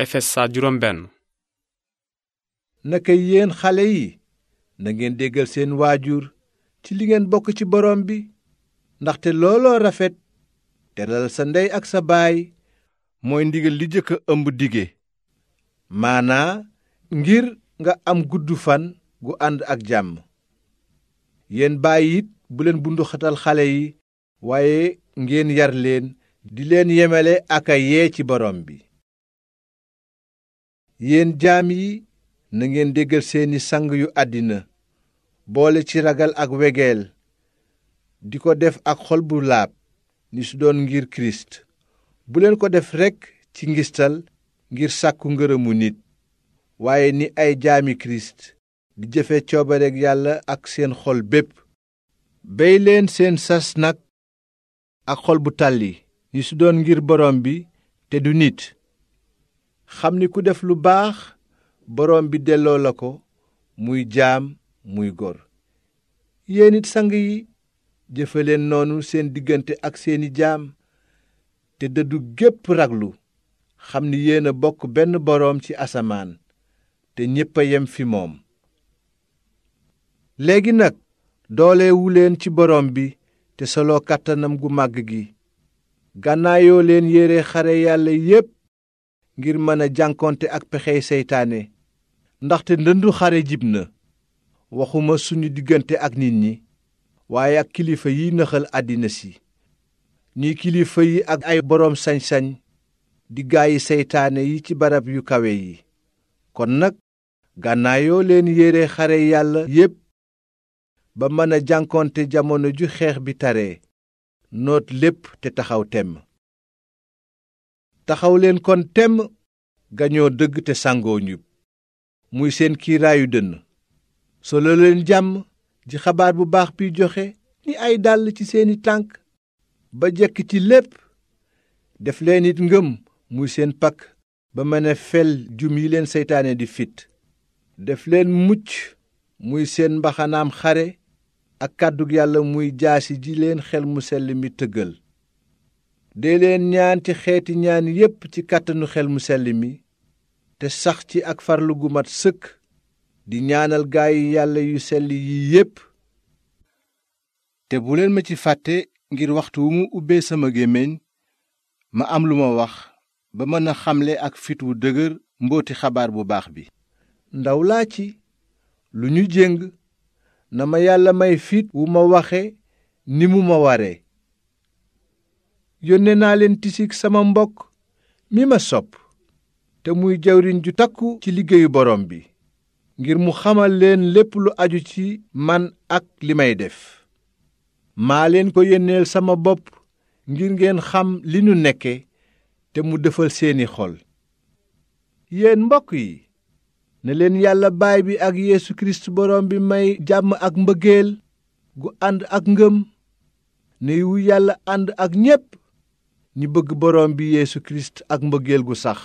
Efes saa juróom benn naka yéen xale yi na déggal seen waajur ci li ngeen bokk ci borom bi ndaxte looloo rafet teral sa ndey ak sa baay mooy ndigal li jëkk a ëmb dige maanaa ngir nga am gudd fan gu ànd ak jàmm yéen baay it bu leen bunduxatal xale yi waaye ngeen yar leen di leen yemale aka yee ci borom bi yéen jaam yi na ngeen déggal seeni sang yu àddina boole ci ragal ak wegeel di ko def ak xol bu laab ni su doon ngir kirist bu leen ko def rekk ci ngistal ngir sàkku ngërëmu nit waaye ni ay jaami kirist di jëfe coobareeg yàlla ak seen xol bépp bey leen seen sas nag ak xol bu tàlli ni su doon ngir borom bi te du nit xam ni ku def lu baax borom bi delloo la ko muy jaam muy gor yéen it sang yi leen noonu seen diggante ak seeni jaam te dëddu gépp raglu xam ni yéen bokk benn boroom ci asamaan te ñépp a yem fi moom léegi nag doolewu leen ci boroom bi te soloo kàttanam gu màgg gi gànnaayoo leen yére xare yàlla yépp ngir mën a jànkonte ak pexey seytaane ndaxte ndëndu xare jib na waxuma suñu diggante ak nit ñi waaye ak kilifa yi nëxal àddina si ñuy kilifa yi ak ay boroom sañ-sañ di gaayi seytaane yi ci barab yu kawe yi kon nag gànnaayoo leen yére xare yàlla yépp ba mën a jànkonte jamono ju xeex bi taree noot lépp te taxaw temm taxaw leen kon temm gañoo dëgg te sangoo njub muy seen kiiraayu dënn solo leen jàmm ji xabaar bu baax bi joxe ni ay dàll ci seeni tànk ba jekk ci lépp def leen it ngëm muy seen pakk ba mën a fel jum yi leen seytaane di fit def leen mucc muy seen mbaxanaam xare ak kàddu yàlla muy jaasi ji leen xel mu sell mi tëggal dee leen ñaan ci xeeti ñaan yépp ci kàttanu xel mu selli mi te sax ci ak farlu gu mat sëkk di ñaanal gaayi yàlla yu sell yi yépp te bu leen ma ci fàtte ngir waxtu wu mu ubbee sama gémmiñ ma am lu ma wax ba mën a xamle ak fit wu dëgër mbooti xabaar bu baax bi ndaw laa ci lu ñu jéng na ma yàlla may fit wu ma waxe ni mu ma ware yónnee naa leen tisik sama mbokk mi ma sopp te muy jawriñ ju takku ci liggéeyu borom bi ngir mu xamal leen lépp lu aju ci man ak li may def maa leen ko yónneel sama bopp ngir ngeen xam li nu nekke te mu defal seeni xol yéen mbokk yi ne leen yàlla baay bi ak Yeesu Kirist borom bi may jàmm ak mbëggeel gu ànd ak ngëm ne wu yàlla ànd ak ñépp ñi bëgg borom bi Yeesu Kirist ak mbëggeel gu sax